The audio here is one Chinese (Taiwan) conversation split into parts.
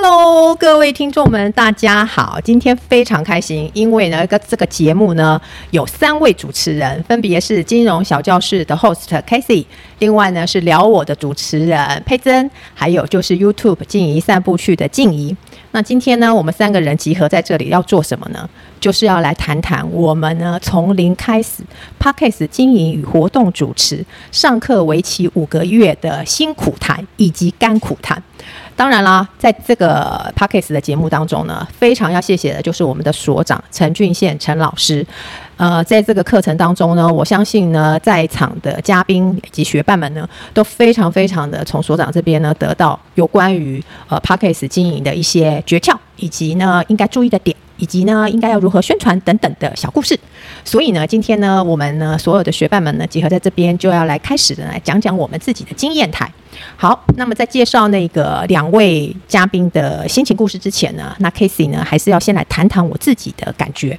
Hello，各位聽眾們，大家好！今天非常開心，因為呢，個這個節目呢有三位主持人，分別是金融小教室的 Host Cathy，另外呢是撩我的主持人姵珍，還有就是 YouTube 靜姨散步去的靜姨。那今天呢，我們三個人集合在這裡要做什麼呢？就是要來談談我們呢從零開始 Podcast 經營與活動主持上課為期五個月的辛苦談以及甘苦談。當然啦，在這個 Podcast 的節目當中呢，非常要謝謝的就是我們的所長陳俊憲陳老師。呃，在這個課程當中呢，我相信呢，在場的嘉賓以及學伴們呢，都非常非常的從所長這邊呢，得到有關於呃 Podcast 經營的一些訣竅，以及呢應該注意的點。以及呢，應該要如何宣傳等等的小故事，所以呢，今天呢，我們呢，所有的學伴們呢，集合在這邊，就要來開始的來講講我們自己的經驗台。好，那麼在介紹那個兩位嘉賓的心情故事之前呢，那 Cathy 呢，還是要先來談談我自己的感覺。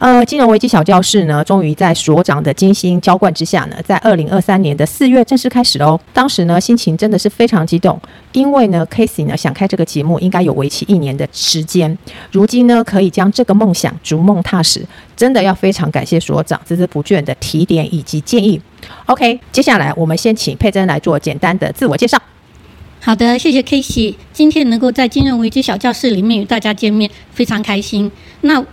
呃，金融危機小教室呢，終於在所長的精心澆灌之下呢，在二零二三年的四月正式開始嘍。當時呢，心情真的是非常激動，因為呢，Cathy 呢想開這個節目，應該有為期一年的時間。如今呢，可以將這個夢想逐夢踏實，真的要非常感謝所長孜孜不倦的提點以及建議。OK，接下來我們先請姵珍來做簡單的自我介紹。好的，謝謝 Cathy，今天能夠在金融危機小教室裡面與大家見面，非常開心。那。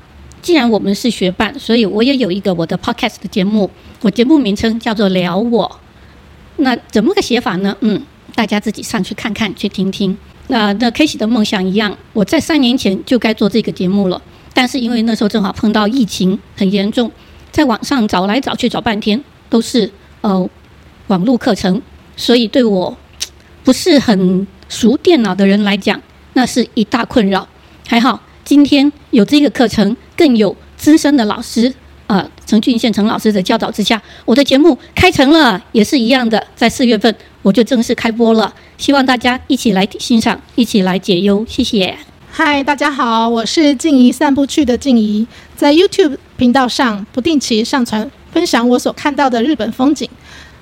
既然我們是學伴，所以我也有一個我的 podcast 的節目。我節目名稱叫做“撩我”。那怎麼個寫法呢？嗯，大家自己上去看看，去聽聽。呃、那那 Cathy 的夢想一樣，我在三年前就該做這個節目了，但是因為那時候正好碰到疫情很嚴重，在網上找來找去找半天都是呃網絡課程，所以對我不是很熟電腦的人來講，那是一大困擾。還好今天有這個課程。更有資深的老師，呃，陳俊憲陳老師的教導之下，我的節目開成了，也是一樣的，在四月份我就正式開播了。希望大家一起來欣賞，一起來解憂，謝謝。嗨，大家好，我是靜姨散步去的靜姨，在 YouTube 頻道上不定期上傳分享我所看到的日本風景。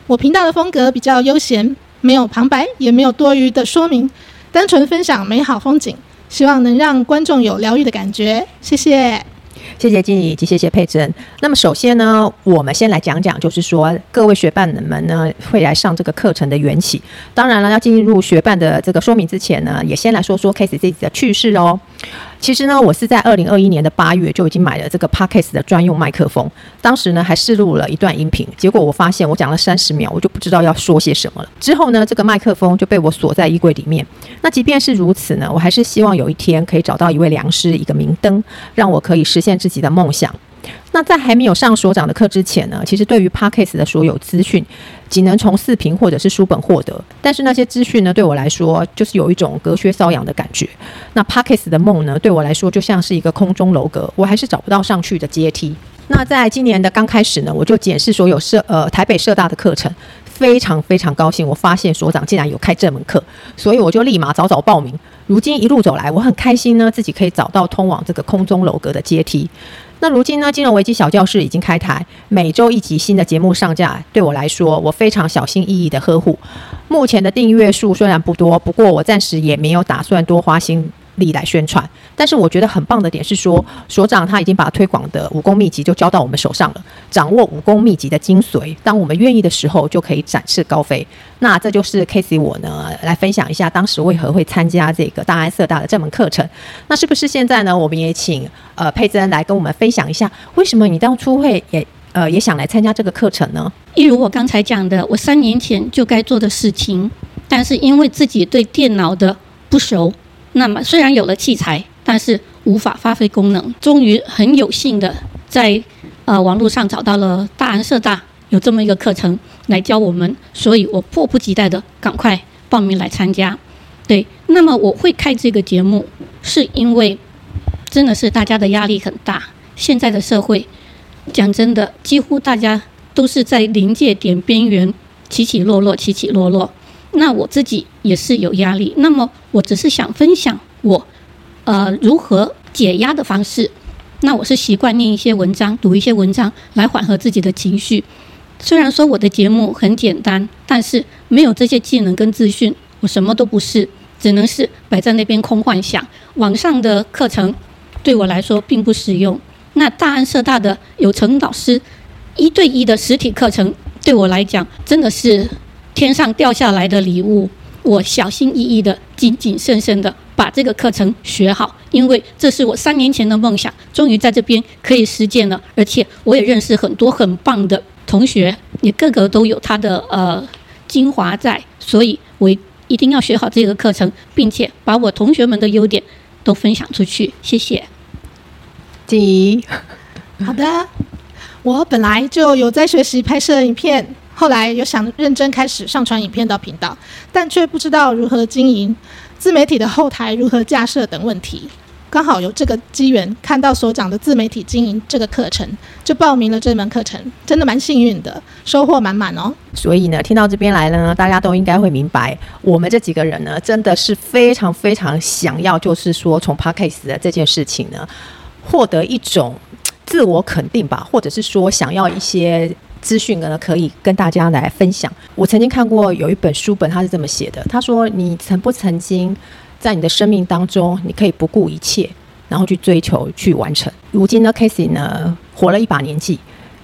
我頻道的風格比較悠閒，沒有旁白，也沒有多餘的說明，單純分享美好風景，希望能讓觀眾有療癒的感覺。謝謝。謝謝靜姨，以及謝謝姵珍。那麼首先呢，我們先來講講，就是說各位學伴們呢會來上這個課程的緣起。當然了，要進入學伴的這個說明之前呢，也先來說說 Cathy 這次的趣事哦。其實呢，我是在二零二一年的八月就已經買了這個 Podcast 的專用麥克風，當時呢還試錄了一段音頻，結果我發現我講了三十秒，我就不知道要說些什麼了。之後呢，這個麥克風就被我鎖在衣櫃裡面。那即便是如此呢，我還是希望有一天可以找到一位良師，一個明燈，讓我可以實現自己的夢想。那在還沒有上所長的課之前呢，其實對於 Podcast 的所有資訊，僅能從視頻或者是書本獲得，但是那些資訊呢，對我來說就是有一種隔靴搔癢的感覺。那 Podcast 的夢呢，對我來說就像是一個空中樓閣，我還是找不到上去的階梯。那在今年的剛開始呢，我就檢視所有社呃台北社大的課程，非常非常高興，我發現所長竟然有開這門課，所以我就立馬早早報名。如今一路走來，我很開心呢，自己可以找到通往這個空中樓閣的階梯。那如今呢，金融危機小教室已經開台，每周一集新的節目上架，對我來說，我非常小心翼翼的呵護。目前的訂閱數雖然不多，不過我暫時也沒有打算多花心力來宣傳，但是我覺得很棒的點是說，所長他已經把推廣的武功秘籍就交到我們手上了，掌握武功秘籍的精髓，當我們願意的時候就可以展翅高飛。那這就是 Cathy 我呢來分享一下當時為何會參加這個大安社大的這門課程。那是不是現在呢？我們也請呃姵珍來跟我們分享一下，為什麼你當初會也呃也想來參加這個課程呢？一如我剛才講的，我三年前就該做的事情，但是因為自己對電腦的不熟。那麼雖然有了器材，但是無法發揮功能。終於很有幸的在，呃，網絡上找到了大安社大有這麼一個課程來教我們，所以我迫不及待的趕快報名來參加。對，那麼我會開這個節目，是因為真的是大家的壓力很大。現在的社會，講真的，幾乎大家都是在臨界點邊緣起起落落，起起落落。那我自己也是有壓力。那麼。我只是想分享我，呃，如何解壓的方式。那我是習慣念一些文章，讀一些文章來緩和自己的情緒。雖然說我的節目很簡單，但是沒有這些技能跟資訊，我什麼都不是，只能是擺在那邊空幻想。網上的課程對我來說並不實用。那大安社大的有成老師一對一的實體課程，對我來講真的是天上掉下來的禮物。我小心翼翼的、謹謹慎慎的把這個課程學好，因為這是我三年前的夢想，終於在這邊可以實踐了。而且我也認識很多很棒的同學，也個個都有他的呃精華在，所以我一定要學好這個課程，並且把我同學們的優點都分享出去。謝謝，靜姨 好的，我本來就有在學習拍攝影片。後來有想認真開始上傳影片到頻道，但卻不知道如何經營自媒體的後臺如何架設等問題。剛好有這個機緣，看到所長的自媒體經營這個課程，就報名了這門課程，真的蠻幸運的，收穫滿滿哦。所以呢，聽到這邊來了呢，大家都應該會明白，我們這幾個人呢，真的是非常非常想要，就是說從 Podcast 的這件事情呢，獲得一種自我肯定吧，或者是說想要一些。資訊呢，可以跟大家來分享。我曾經看過有一本書本，他是這麼寫的：他說，你曾不曾經在你的生命當中，你可以不顧一切，然後去追求、去完成。如今呢，Cathy 呢，活了一把年紀，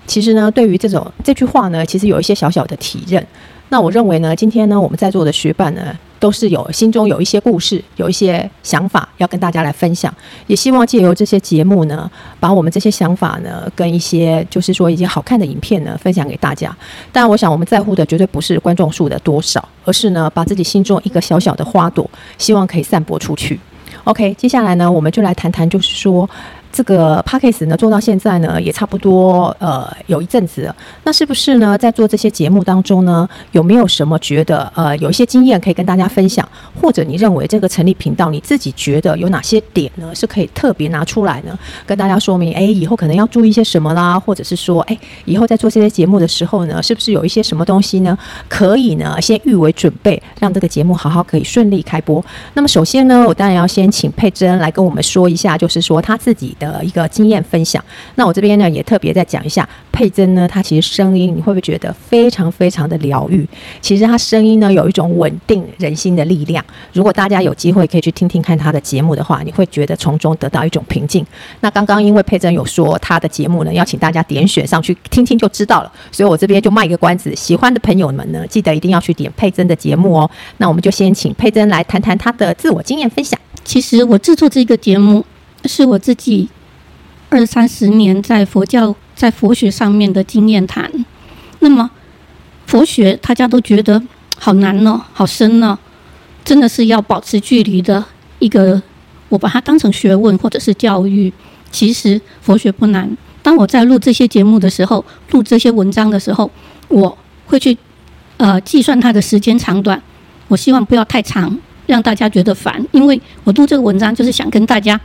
其實呢，對於這種這句話呢，其實有一些小小的體認。那我認為呢，今天呢，我們在座的學伴呢。都是有心中有一些故事，有一些想法要跟大家來分享，也希望借由這些節目呢，把我們這些想法呢，跟一些就是說一些好看的影片呢，分享給大家。但我想我們在乎的絕對不是觀眾數的多少，而是呢，把自己心中一個小小的花朵，希望可以散播出去。OK，接下來呢，我們就來談談，就是說。這個 podcast 呢，做到現在呢也差不多呃有一陣子了，那是不是呢在做這些節目當中呢，有沒有什麼覺得呃有一些經驗可以跟大家分享，或者你認為這個成立頻道你自己覺得有哪些點呢，是可以特別拿出來呢跟大家說明？哎，以後可能要注意些什麼啦，或者是說哎以後在做這些節目的時候呢，是不是有一些什麼東西呢，可以呢先預為準備，讓這個節目好好可以順利開播？那麼首先呢，我當然要先請姵珍來跟我們說一下，就是說她自己。的一個經驗分享。那我這邊呢，也特別再講一下姵珍呢，她其實聲音你會不會覺得非常非常的療癒？其實她聲音呢，有一種穩定人心的力量。如果大家有機會可以去聽聽看她的節目的話，你會覺得從中得到一種平靜。那剛剛因為姵珍有說她的節目呢，要請大家點選上去聽聽就知道了。所以我這邊就賣一個關子，喜歡的朋友們呢，記得一定要去點姵珍的節目哦。那我們就先請姵珍來談談她的自我經驗分享。其實我製作這個節目，是我自己二三十年在佛教在佛學上面的經驗談。那麼，佛學大家都覺得好難哦，好深哦，真的是要保持距離的一個。我把它當成學問或者是教育，其實佛學不難。當我在錄這些節目的時候，錄這些文章的時候，我會去呃計算它的時間長短。我希望不要太長，讓大家覺得煩。因為我錄這個文章就是想跟大家。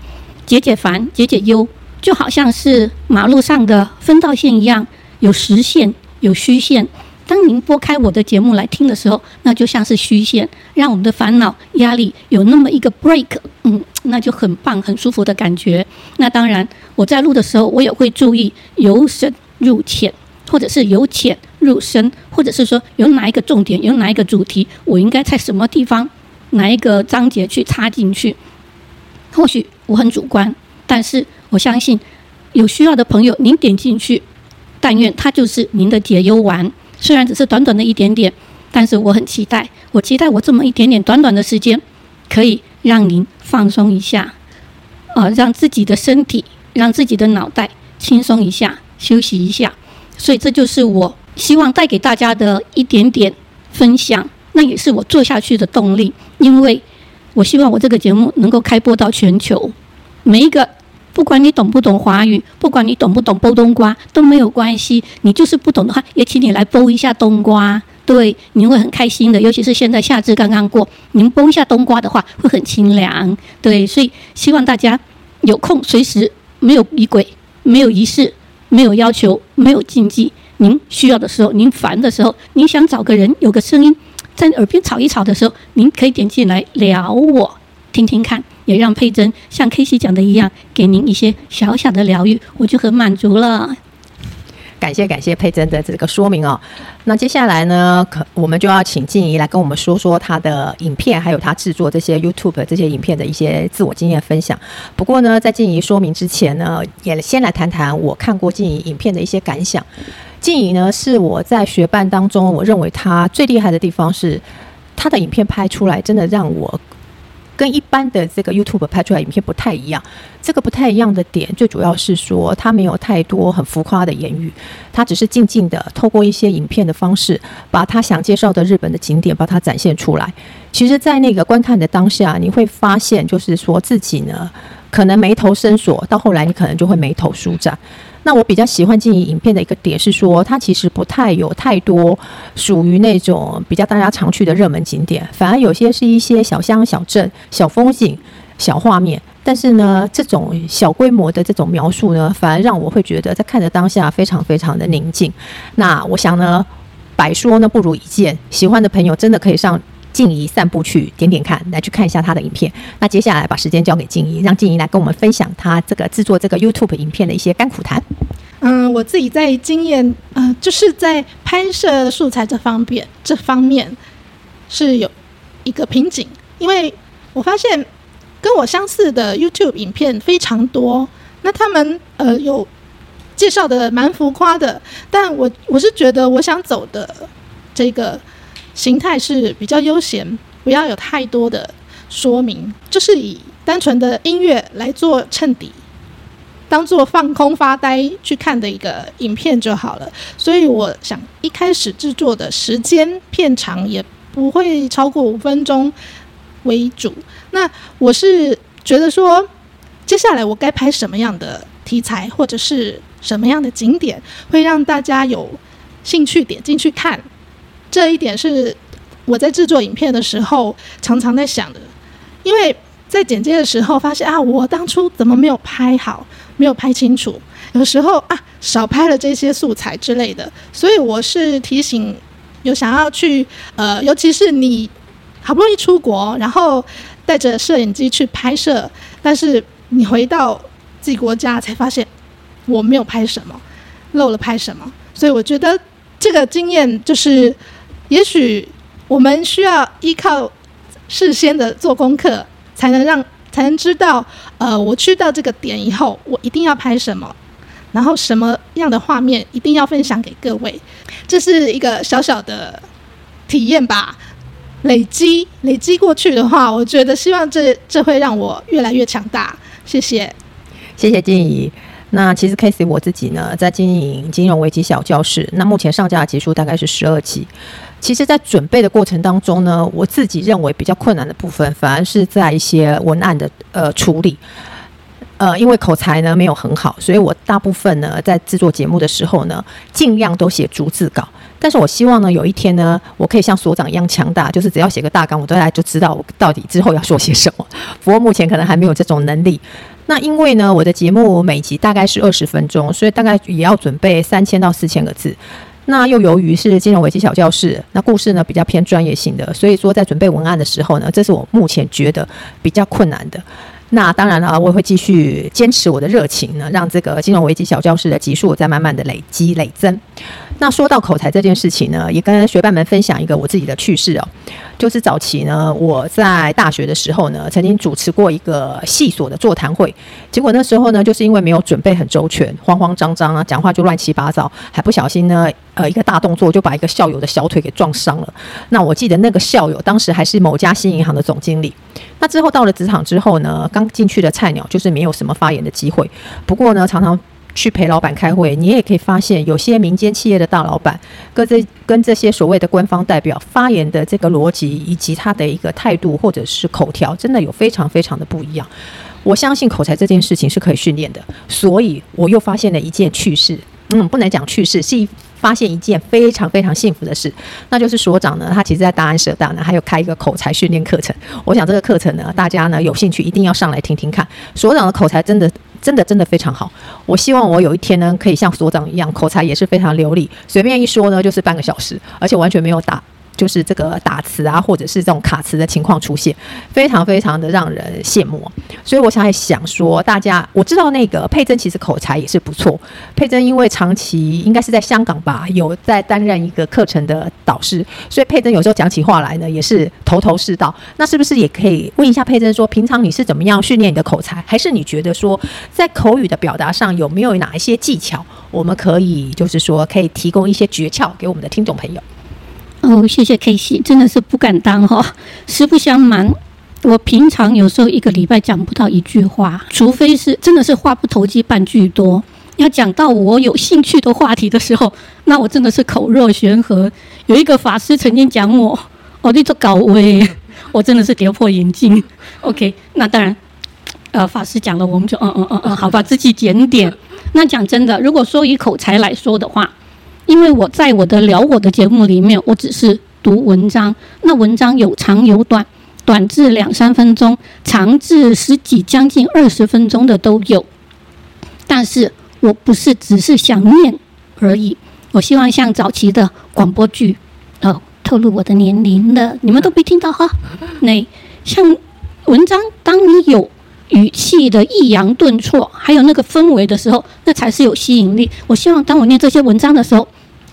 解解煩，解解憂，就好像是馬路上的分道線一樣，有實線，有虛線。當您撥開我的節目來聽的時候，那就像是虛線，讓我們的煩惱、壓力有那麼一個 break，嗯，那就很棒、很舒服的感覺。那當然，我在錄的時候，我也會注意由深入淺，或者是由淺入深，或者是說有哪一個重點，有哪一個主題，我應該在什麼地方，哪一個章節去插進去，或許。我很主觀，但是我相信有需要的朋友，您點進去，但願它就是您的解憂丸。雖然只是短短的一點點，但是我很期待，我期待我這麼一點點短短的時間，可以讓您放鬆一下，啊、呃，讓自己的身體，讓自己的腦袋輕鬆一下，休息一下。所以這就是我希望帶給大家的一點點分享，那也是我做下去的動力，因為。我希望我這個節目能夠開播到全球，每一個，不管你懂不懂華語，不管你懂不懂煲冬瓜都沒有關係。你就是不懂的話，也請你來煲一下冬瓜，對，你會很開心的。尤其是現在夏至剛剛過，您煲一下冬瓜的話會很清涼，對。所以希望大家有空隨時，沒有儀軌，沒有儀式，沒有要求，沒有禁忌。您需要的時候，您煩的時候，你想找個人，有個聲音。在耳邊吵一吵的時候，您可以點進來撩我聽聽看，也讓姵珍像 Cathy 講的一樣，給您一些小小的療癒，我就很滿足了。感謝感謝姵珍的這個說明哦。那接下來呢，可我們就要請靜姨來跟我們說說她的影片，還有她制作這些 YouTube 這些影片的一些自我經驗分享。不過呢，在靜姨說明之前呢，也先來談談我看過靜姨影片的一些感想。靜姨呢，是我在學伴當中，我認為他最厲害的地方是，他的影片拍出來真的讓我跟一般的這個 YouTube 拍出來影片不太一樣。這個不太一樣的點，最主要是說他沒有太多很浮誇的言語，他只是靜靜的透過一些影片的方式，把他想介紹的日本的景點把它展現出來。其實，在那個觀看的當下，你會發現，就是說自己呢，可能眉頭深鎖，到後來你可能就會眉頭舒展。那我比較喜歡經營影片的一個點是說，它其實不太有太多屬於那種比較大家常去的熱門景點，反而有些是一些小鄉、小鎮、小風景、小畫面。但是呢，這種小規模的這種描述呢，反而讓我會覺得在看的當下非常非常的寧靜。那我想呢，百說呢不如一見，喜歡的朋友真的可以上。靜姨散步去點點看，來去看一下他的影片。那接下來把時間交給靜姨，讓靜姨來跟我們分享他這個製作這個 YouTube 影片的一些甘苦談。嗯，我自己在經驗，嗯、呃，就是在拍攝素材這方面，這方面是有一個瓶頸，因為我發現跟我相似的 YouTube 影片非常多。那他們呃有介紹的蠻浮誇的，但我我是覺得我想走的這個。形態是比較悠閒，不要有太多的說明，就是以單純的音樂來做襯底，當做放空發呆去看的一個影片就好了。所以我想一開始製作的時間片長也不會超過五分鐘為主。那我是覺得說，接下來我該拍什麼樣的題材，或者是什麼樣的景點，會讓大家有興趣點進去看。這一點是我在制作影片的時候常常在想的，因為在剪接的時候發現啊，我當初怎麼沒有拍好，沒有拍清楚，有時候啊少拍了這些素材之類的，所以我是提醒有想要去呃，尤其是你好不容易出國，然後帶着攝影機去拍攝，但是你回到自己國家才發現我沒有拍什麼，漏了拍什麼，所以我覺得這個經驗就是。也許我們需要依靠事先的做功課，才能讓才能知道，呃，我去到這個點以後，我一定要拍什麼，然後什麼樣的畫面一定要分享給各位，這是一個小小的體驗吧。累積累積過去的話，我覺得希望這這會讓我越來越強大。謝謝，謝謝靜姨。那其實 Cathy 我自己呢，在經營金融危機小教室，那目前上架集數大概是十二集。其實，在準備的過程當中呢，我自己認為比較困難的部分，反而是在一些文案的呃處理，呃，因為口才呢沒有很好，所以我大部分呢在製作節目的時候呢，儘量都寫逐字稿。但是我希望呢，有一天呢，我可以像所長一樣強大，就是只要寫個大綱，我大概就知道我到底之後要說些什麼。不過目前可能還沒有這種能力。那因為呢，我的節目每集大概是二十分鐘，所以大概也要準備三千到四千個字。那又由於是金融危機小教室，那故事呢比較偏專業性的，所以說在準備文案的時候呢，這是我目前覺得比較困難的。那當然了，我也會繼續堅持我的熱情呢，讓這個金融危機小教室的集數在慢慢的累積累增。那說到口才這件事情呢，也跟學伴們分享一個我自己的趣事哦。就是早期呢，我在大學的時候呢，曾經主持過一個系所的座談會，結果那時候呢，就是因為沒有準備很周全，慌慌張張啊，講話就亂七八糟，還不小心呢，呃，一個大動作就把一個校友的小腿給撞傷了。那我記得那個校友當時還是某家新銀行的總經理。那之後到了職場之後呢，剛進去的菜鳥就是沒有什麼發言的機會，不過呢，常常，去陪老闆開會，你也可以發現，有些民間企業的大老闆，跟這跟這些所謂的官方代表發言的這個邏輯以及他的一個態度，或者是口條，真的有非常非常的不一樣。我相信口才這件事情是可以訓練的，所以我又發現了一件趣事，嗯，不能講趣事，是發現一件非常非常幸福的事，那就是所長呢，他其實在大安社大呢，還有開一個口才訓練課程，我想這個課程呢，大家呢有興趣一定要上來聽聽看，所長的口才真的。真的真的非常好，我希望我有一天呢，可以像所長一樣，口才也是非常流利，隨便一說呢，就是半個小時，而且完全沒有打就是這個打詞啊，或者是這種卡詞的情況出現，非常非常的讓人羨慕。所以我想也想說，大家我知道那個姵珍其實口才也是不錯。姵珍因為長期應該是在香港吧，有在擔任一個課程的導師，所以姵珍有時候講起話來呢，也是頭頭是道。那是不是也可以問一下姵珍，說平常你是怎麼樣訓練你的口才，還是你覺得說在口語的表達上有沒有哪一些技巧，我們可以就是說可以提供一些訣竅給我們的聽眾朋友？哦，謝謝 Cathy，真的是不敢當哈、哦。實不相瞞，我平常有時候一個禮拜講不到一句話，除非是真的是話不投機半句多。要講到我有興趣的話題的時候，那我真的是口若懸河。有一個法師曾經講我，哦，你這搞味，我真的是跌破眼鏡。OK，那當然，呃，法師講了，我們就嗯嗯嗯嗯，好吧，自己檢點。 那講真的，如果說以口才來說的話。因為我在我的撩我的節目裡面，我只是讀文章，那文章有長有短，短至兩三分鐘，長至十幾將近二十分鐘的都有。但是我不是只是想念而已，我希望像早期的廣播劇，哦，透露我的年齡的，你們都沒聽到哈。那像文章，當你有。語氣的抑揚頓挫，還有那個氛圍的時候，那才是有吸引力。我希望當我念這些文章的時候，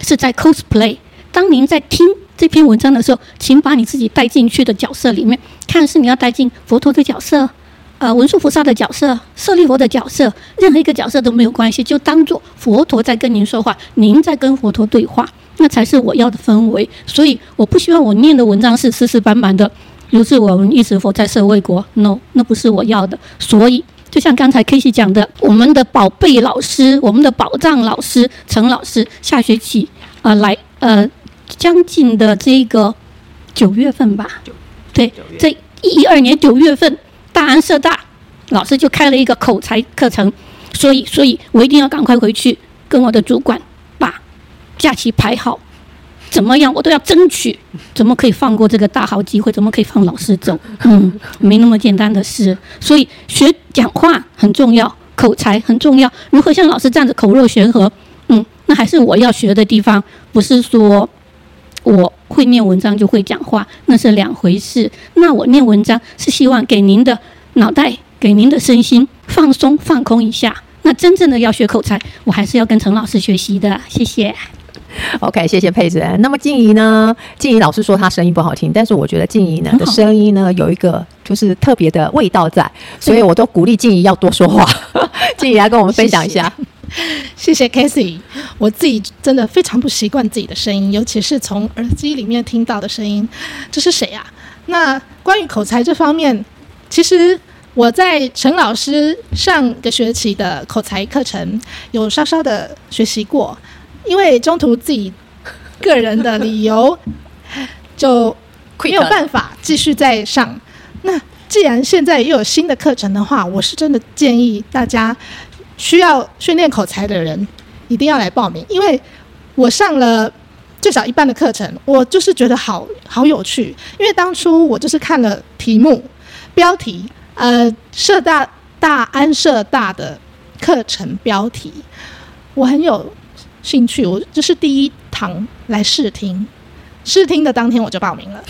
是在 cosplay。當您在聽這篇文章的時候，請把你自己帶進去的角色裡面，看是你要帶進佛陀的角色，呃，文殊菩薩的角色，舍利佛的角色，任何一個角色都沒有關係，就當做佛陀在跟您說話，您在跟佛陀對話，那才是我要的氛圍。所以，我不希望我念的文章是死死板板的。如是我聞一時佛在舍衛國，no，那不是我要的。所以，就像剛才 Kitty 講的，我們的寶貝老師，我們的寶藏老師陳老師，下學期啊來呃，將、呃、近的這個九月份吧，9, 9對，這一二年九月份，大安社大老師就開了一個口才課程，所以，所以我一定要趕快回去跟我的主管把假期排好。怎麼樣，我都要爭取。怎麼可以放過這個大好機會？怎麼可以放老師走？嗯，沒那麼簡單的事。所以學講話很重要，口才很重要。如何像老師這樣子口若懸河？嗯，那還是我要學的地方。不是說我會念文章就會講話，那是兩回事。那我念文章是希望給您的腦袋、給您的身心放鬆、放空一下。那真正的要學口才，我還是要跟鄭老師學習的。謝謝。OK，謝謝姵珍。那麼靜姨呢？靜姨老師說她聲音不好聽，但是我覺得靜姨呢的聲音呢，有一個就是特別的味道在，所以，所以我都鼓勵靜姨要多說話。 靜姨來跟我們分享一下。謝謝 Cathy。我自己真的非常不習慣自己的聲音，尤其是從耳機裡面聽到的聲音。這是誰啊？那關於口才這方面，其實我在陳老師上個學期的口才課程有稍稍的學習過。因為中途自己個人的理由，就沒有辦法繼續再上。那既然現在又有新的課程的話，我是真的建議大家需要訓練口才的人一定要來報名，因為我上了最少一半的課程，我就是覺得好好有趣。因為當初我就是看了題目標題，呃，社大大安社大的課程標題，我很有興趣，我這是第一堂來試聽，試聽的當天我就報名了，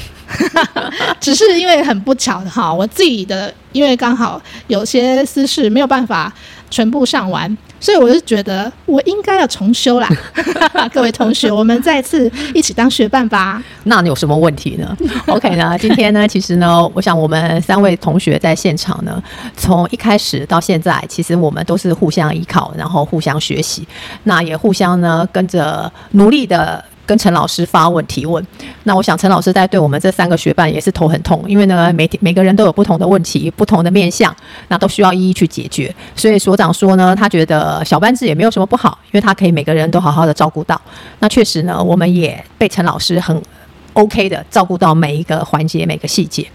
只是因為很不巧的哈，我自己的因為剛好有些私事沒有辦法全部上完。所以我就覺得我應該要重修啦， 各位同學，我們再一次一起當學伴吧。 那你有什麼問題呢？OK 呢，今天呢，其實呢，我想我們三位同學在現場呢，從一開始到現在，其實我們都是互相依靠，然後互相學習，那也互相呢跟着努力的。跟陳老師發問提問，那我想陳老師在對我們這三個學伴也是頭很痛，因為呢，每每個人都有不同的問題、不同的面向，那都需要一一去解決。所以所長說呢，他覺得小班制也沒有什麼不好，因為他可以每個人都好好的照顧到。那確實呢，我們也被陳老師很。OK 的，照顧到每一個環節、每個細節。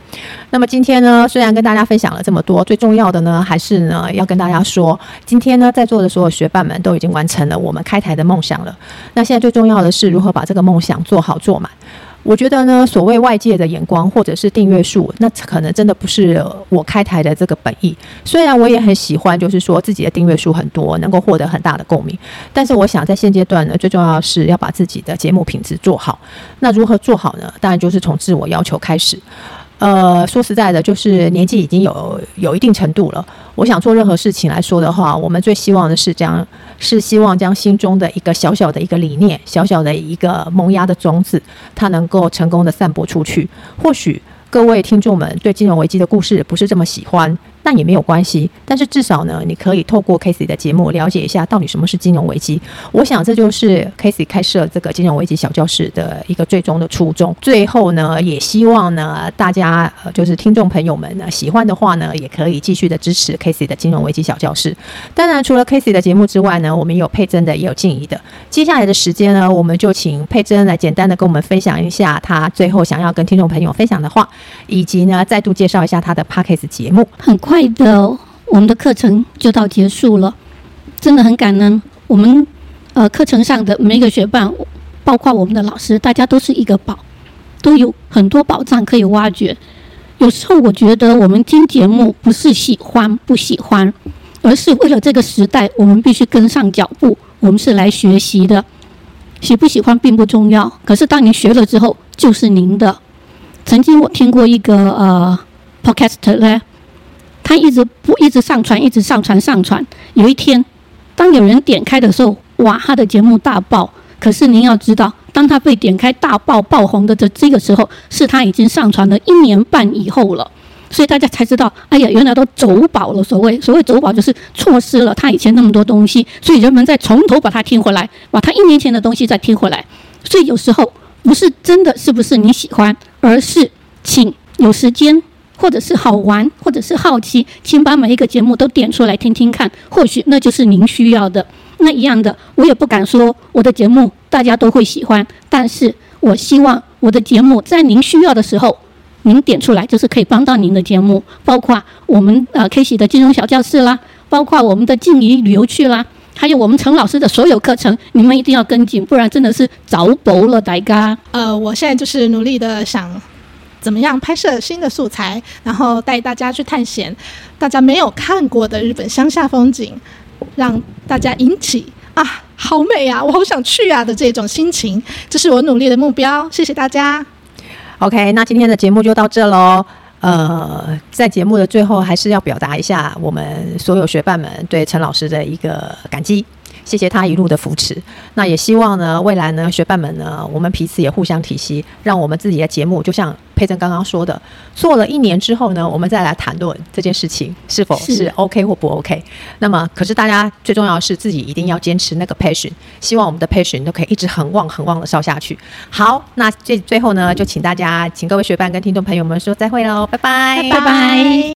那麼今天呢，雖然跟大家分享了這麼多，最重要的呢，還是呢要跟大家說，今天呢在座的所有學伴們都已經完成了我們開台的夢想了。那現在最重要的是如何把這個夢想做好做滿。我覺得呢，所謂外界的眼光或者是訂閱數，那可能真的不是我開台的這個本意。雖然我也很喜歡，就是說自己的訂閱數很多，能夠獲得很大的共鳴。但是我想，在現階段呢，最重要的是要把自己的節目品質做好。那如何做好呢？當然就是從自我要求開始。呃，說實在的，就是年紀已經有有一定程度了。我想做任何事情來說的話，我們最希望的是這樣。是希望將心中的一個小小的一個理念，小小的一個萌芽的種子，它能夠成功的散播出去。或許各位聽眾們對金融危機的故事不是這麼喜歡。那也沒有關係，但是至少呢，你可以透過 Cathy 的節目了解一下到底什麼是金融危機。我想這就是 Cathy 開設這個金融危機小教室的一個最終的初衷。最後呢，也希望呢大家、呃、就是聽眾朋友們呢喜歡的話呢，也可以繼續的支持 Cathy 的金融危機小教室。當然，除了 Cathy 的節目之外呢，我們也有姵珍的，也有靜姨的。接下來的時間呢，我們就請姵珍來簡單的跟我們分享一下她最後想要跟聽眾朋友分享的話，以及呢再度介紹一下她的 Podcast 節目。很快。的我們的課程就到結束了，真的很感恩我們呃課程上的每一個學伴，包括我們的老師，大家都是一個寶，都有很多寶藏可以挖掘。有時候我覺得我們聽節目不是喜歡不喜歡，而是為了這個時代我們必須跟上腳步。我們是來學習的，喜不喜歡並不重要。可是當你學了之後，就是您的。曾經我聽過一個呃 podcaster 他一直不一直上傳，一直上傳上傳。有一天，當有人點開的時候，哇，他的節目大爆。可是您要知道，當他被點開大爆爆紅的這這個時候，是他已經上傳了一年半以後了。所以大家才知道，哎呀，原來都走寶了。所謂所謂走寶，就是錯失了他以前那麼多東西。所以人們再從頭把它聽回來，把他一年前的東西再聽回來。所以有時候不是真的是不是你喜歡，而是請有時間。或者是好玩，或者是好奇，請把每一個節目都點出來聽聽看，或許那就是您需要的。那一樣的，我也不敢說我的節目大家都會喜歡，但是我希望我的節目在您需要的時候，您點出來就是可以幫到您的節目。包括我們呃 Cathy 的金融小教室啦，包括我們的靜姨旅遊趣啦，還有我們鄭老師的所有課程，你們一定要跟進，不然真的是糟薄了大家。呃，我現在就是努力的想，怎麼樣拍攝新的素材，然後帶大家去探險，大家沒有看過的日本鄉下風景，讓大家引起啊，好美啊，我好想去啊的這種心情，這是我努力的目標。謝謝大家。OK，那今天的節目就到這嘍。呃，在節目的最後，還是要表達一下我們所有學伴們對陳老師的一個感激。謝謝他一路的扶持，那也希望呢，未來呢，學伴們呢，我們彼此也互相提攜，讓我們自己的節目，就像姵珍剛剛說的，做了一年之後呢，我們再來談論這件事情是否是 OK 或不 OK。那麼，可是大家最重要的是自己一定要堅持那個 passion，希望我們的 passion 都可以一直很旺很旺的燒下去。好，那這最,最後呢，就請大家請各位學伴跟聽眾朋友們說再會嘍，拜拜，拜拜。Bye bye